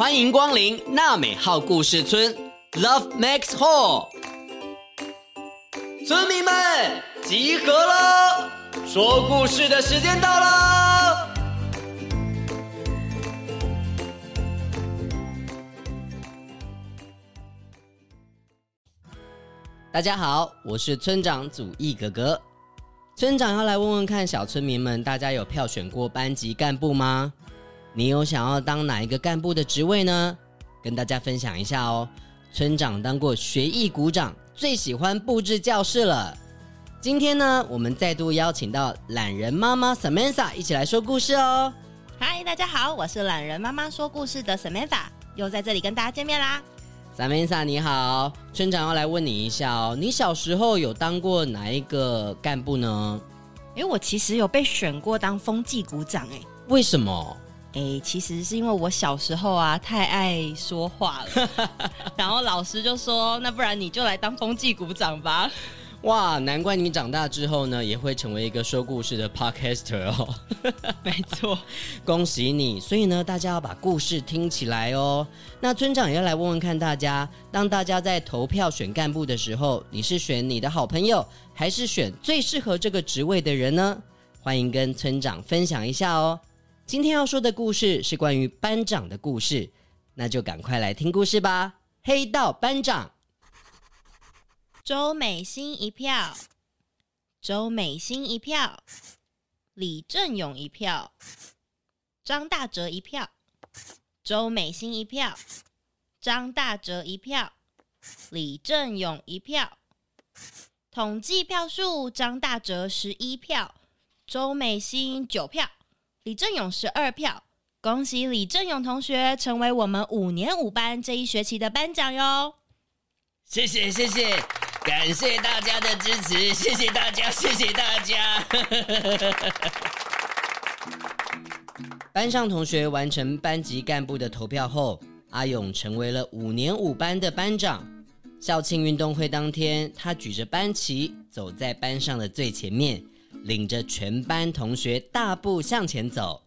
歡迎光臨納美號故事村，Love Max Hall，村民們集合咯，說故事的時間到咯。大家好，我是村長祖逸哥哥，村長要來問問看小村民們，大家有票選過班級幹部嗎？你有想要當哪一個幹部的職位呢？跟大家分享一下哦。村長當過學藝股長，最喜歡佈置教室了。今天呢，我們再度邀請到欖仁媽媽 Samantha 一起來說故事哦。嗨，大家好，我是欖仁媽媽說故事的 Samantha，又在這裡跟大家見面啦。Samantha 你好，村長要來問你一下哦，你小時候有當過哪一個幹部呢？誒、欸，我其實有被選過當風紀股長誒，為什麼？哎、欸，其實是因為我小時候啊太愛說話了， 然後老師就說：“那不然你就來當風紀股長吧。”哇，難怪你長大之後呢也會成為一個說故事的 Podcaster 哦。沒錯， 恭喜你！所以呢，大家要把故事聽起來哦。那村長也要來問問看大家：當大家在投票選幹部的時候，你是選你的好朋友，還是選最適合這個職位的人呢？歡迎跟村長分享一下哦。今天要說的故事是關於班長的故事，那就趕快來聽故事吧。黑道班長，周美星一票，周美星一票，李振勇一票，張大哲一票，周美星一票，張大哲一票，李振勇一票。統計票數：張大哲十一票，周美星九票。李振勇十二票，恭喜李振勇同學成為我們五年五班這一學期的班長喲！謝謝謝謝，感謝大家的支持，謝謝大家，謝謝大家！ 班上同學完成班級幹部的投票後，阿勇成為了五年五班的班長。校慶運動會當天，他舉着班旗走在班上的最前面。領着全班同學大步向前走。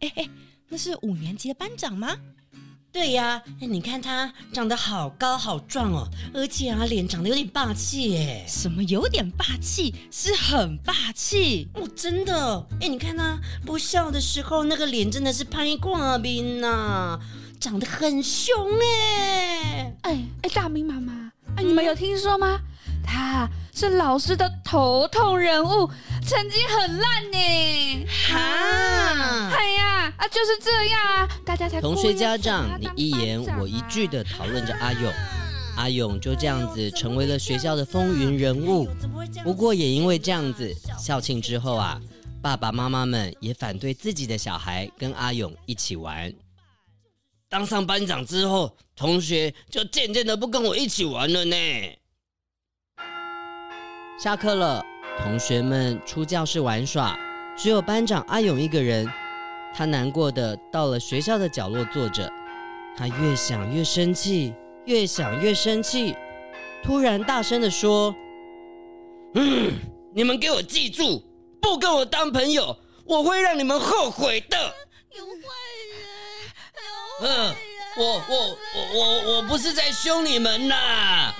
哎哎，那是五年級的班長嗎？對呀、啊，哎，你看他長得好高好壯哦，而且啊，臉長得有點霸氣耶。什麼有點霸氣？是很霸氣。哦，真的。哎，你看他、啊、不笑的時候，那個臉真的是拍掛冰吶，長得很凶哎。哎哎，大明媽媽，哎、嗯啊，你們有聽說嗎？他是老師的頭痛人物，成績很爛呢。哈，啊、哎呀，啊，就是這樣啊，大家才、啊、同學家長，你一言我一句的討論着阿勇、啊，阿勇就這樣子成為了學校的風雲人物。不過也因為這樣子，校慶之後啊，爸爸媽媽們也反對自己的小孩跟阿勇一起玩。當上班長之後，同學就漸漸的不跟我一起玩了呢。下課了，同學們出教室玩耍，只有班長阿勇一個人。他難過的到了學校的角落坐着，他越想越生氣，越想越生氣，突然大聲的說：“嗯，你們給我記住，不跟我當朋友，我會讓你們後悔的。”有壞人，有壞人！呃，我我我我我不是在凶你們吶，啊！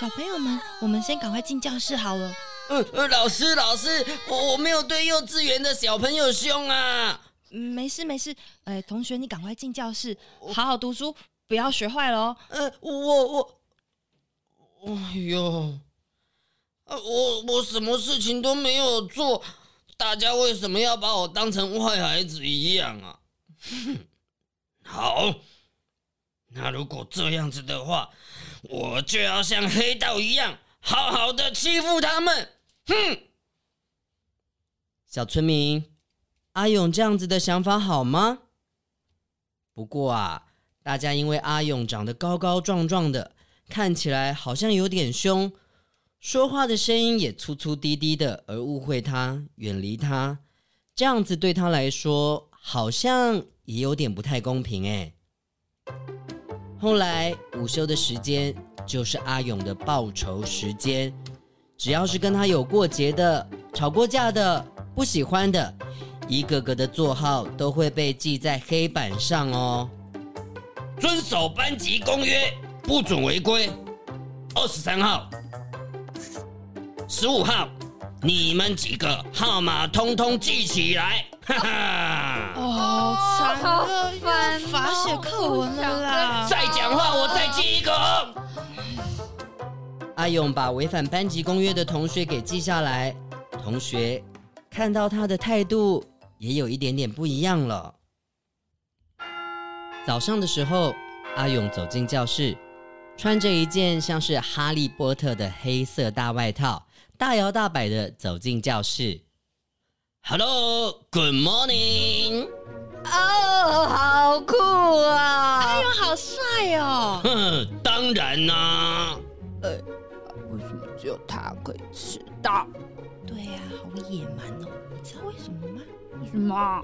小朋友們，我們先趕快進教室好了。嗯、呃、嗯、呃，老師老師，我我沒有對幼稚園的小朋友凶啊、嗯。沒事沒事，哎、欸，同學你趕快進教室，好好讀書，不要學壞了哦。呃，我我，我，哎呦，呃，我我什麼事情都沒有做，大家為什麼要把我當成壞孩子一樣啊？ 嗯、好。那如果這樣子的話，我就要像黑道一樣，好好的欺負他們。哼！小村民阿勇這樣子的想法好嗎？不過啊，大家因為阿勇長得高高壯壯的，看起來好像有點兇，說話的聲音也粗粗低低的，而誤會他、遠離他，這樣子對他來說好像也有點不太公平哎、欸。後來午休的時間就是阿勇的報仇時間，只要是跟他有過節的、吵過架的、不喜歡的，一個個的座號都會被記在黑板上哦。遵守班級公約，不准違規。二十三號、十五號，你們幾個號碼通通記起來。 哦，哦，好煩哦，罰寫課文了，再講話，我、這個、再記一個、啊啊。阿勇把違反班級公約的同學給記下來。同學看到他的態度，也有一點點不一樣了。早上的時候，阿勇走進教室，穿着一件像是哈利波特的黑色大外套，大搖大擺的走進教室。Hello, good morning. 哦、oh，好酷啊、喔！哎呦，好帥哦、喔！哼，當然啦、啊。呃、欸，為什麼只有他可以遲到？對啊，好野蠻哦、喔！你知道為什麼嗎？為什麼？什麼？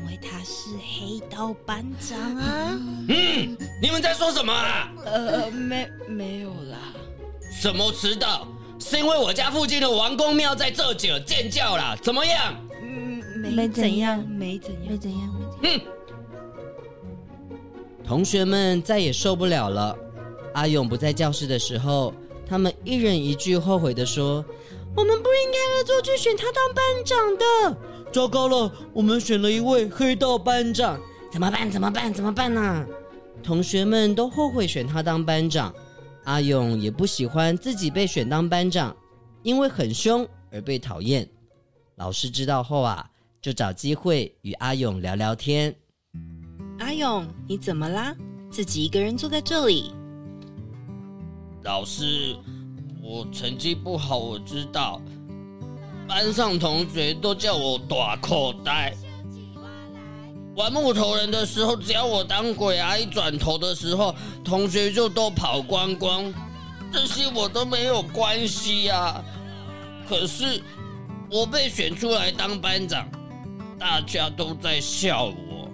因為他是黑道班長啊！嗯， 你們在說什麼啊？呃，沒沒有啦。什麼遲到？是因為我家附近的王公廟在做有建醮啦，怎麼樣？沒怎樣，沒怎樣，沒怎樣，沒怎樣、嗯。同學們再也受不了了。阿勇不在教室的時候，他們一人一句後悔地說、嗯：“我們不應該惡作劇選他當班長的。”糟糕了，我們選了一位黑道班長，怎麼辦？怎麼辦？怎麼辦呢、啊？同學們都後悔選他當班長。阿勇也不喜歡自己被選當班長，因為很凶而被討厭。老師知道後啊，就找機會與阿勇聊聊天。阿勇，你怎麼啦？自己一個人坐在這裡。老師，我成績不好，我知道。班上同學都叫我打口袋。玩木頭人的時候，只要我當鬼啊，一轉頭的時候，同學就都跑光光。這些我都沒有關係呀。可是，我被選出來當班長。大家都在笑我。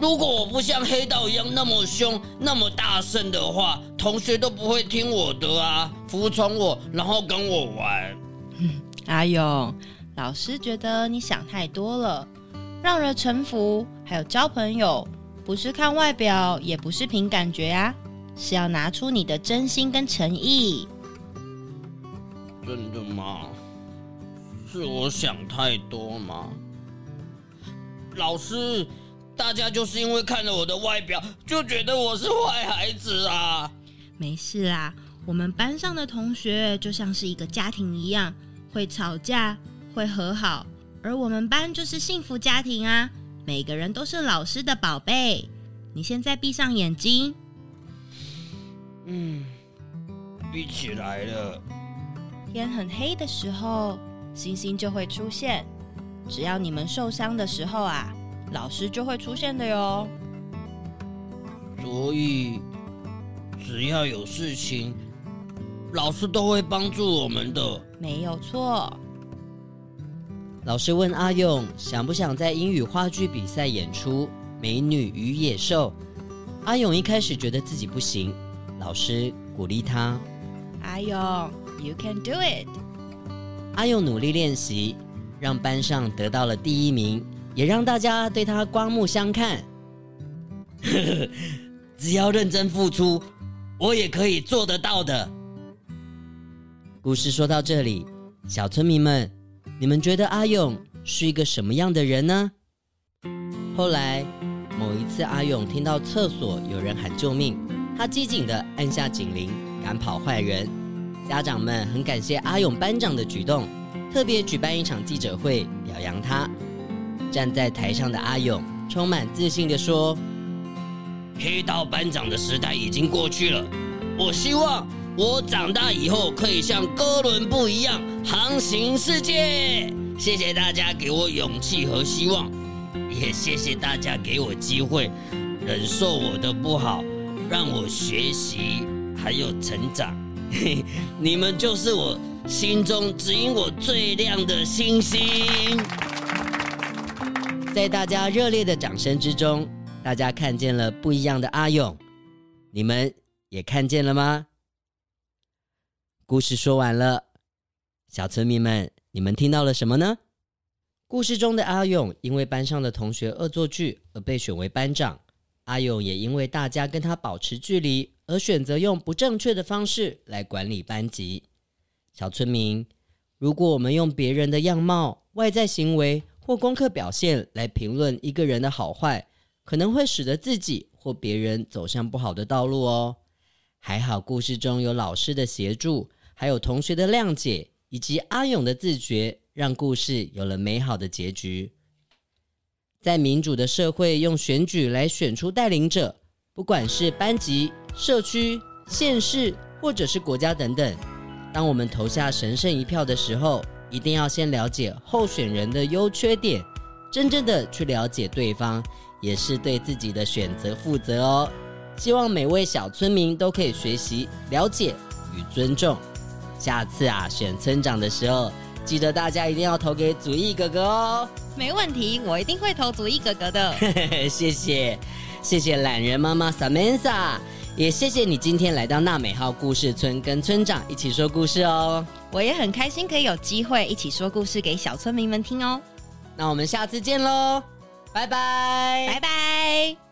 如果我不像黑道一樣那麼兇、那麼大聲的話，同學都不會聽我的啊，服從我，然後跟我玩。嗯，阿勇，老師覺得你想太多了。讓人臣服，還有交朋友，不是看外表，也不是憑感覺啊，是要拿出你的真心跟誠意。真的嗎？是我想太多嗎？老師，大家就是因為看了我的外表，就覺得我是壞孩子啊。沒事啦，我們班上的同學就像是一個家庭一樣，會吵架，會和好，而我們班就是幸福家庭啊。每個人都是老師的寶貝。你現在閉上眼睛。嗯，閉起來了。天很黑的時候，星星就會出現。只要你們受傷的時候啊，老師就會出現的喲。所以，只要有事情，老師都會幫助我們的。沒有錯。老師問阿勇：“想不想在英語話劇比賽演出《美女與野獸》？”阿勇一開始覺得自己不行，老師鼓勵他：“阿勇，you can do it。”阿勇努力練習。讓班上得到了第一名，也讓大家對他刮目相看。呵呵，只要認真付出，我也可以做得到的。故事說到這裡，小村民們，你們覺得阿勇是一個什麼樣的人呢？後來某一次，阿勇聽到廁所有人喊救命，他機警的按下警鈴，趕跑壞人。家長們很感謝阿勇班長的舉動。特別舉辦一場記者會表揚他。站在臺上的阿勇充滿自信的說：“黑道班長的時代已經過去了，我希望我長大以後可以像哥倫布一樣航行世界。謝謝大家給我勇氣和希望，也謝謝大家給我機會，忍受我的不好，讓我學習還有成長。 你們就是我，”心中指引我最亮的星星。在大家熱烈的掌聲之中，大家看見了不一樣的阿勇，你們也看見了嗎？故事說完了，小村民們，你們聽到了什麼呢？故事中的阿勇因為班上的同學惡作劇而被選為班長，阿勇也因為大家跟他保持距離而選擇用不正確的方式來管理班級。小村民，如果我們用別人的樣貌、外在行為或功課表現來評論一個人的好壞，可能會使得自己或別人走向不好的道路哦。還好，故事中有老師的協助，還有同學的諒解，以及阿勇的自覺，讓故事有了美好的結局。在民主的社會，用選舉來選出帶領者，不管是班級、社區、縣市，或者是國家等等。當我們投下神聖一票的時候，一定要先了解候選人的優缺點，真正的去了解對方，也是對自己的選擇負責哦。希望每位小村民都可以學習、了解與尊重。下次啊，選村長的時候，記得大家一定要投給祖逸哥哥哦。沒問題，我一定會投祖逸哥哥的。 謝謝，謝謝欖仁媽媽 Samantha。也謝謝你今天來到納美號故事村，跟村長一起說故事哦。我也很開心可以有機會一起說故事給小村民們聽哦。那我們下次見嘍，拜拜，拜拜。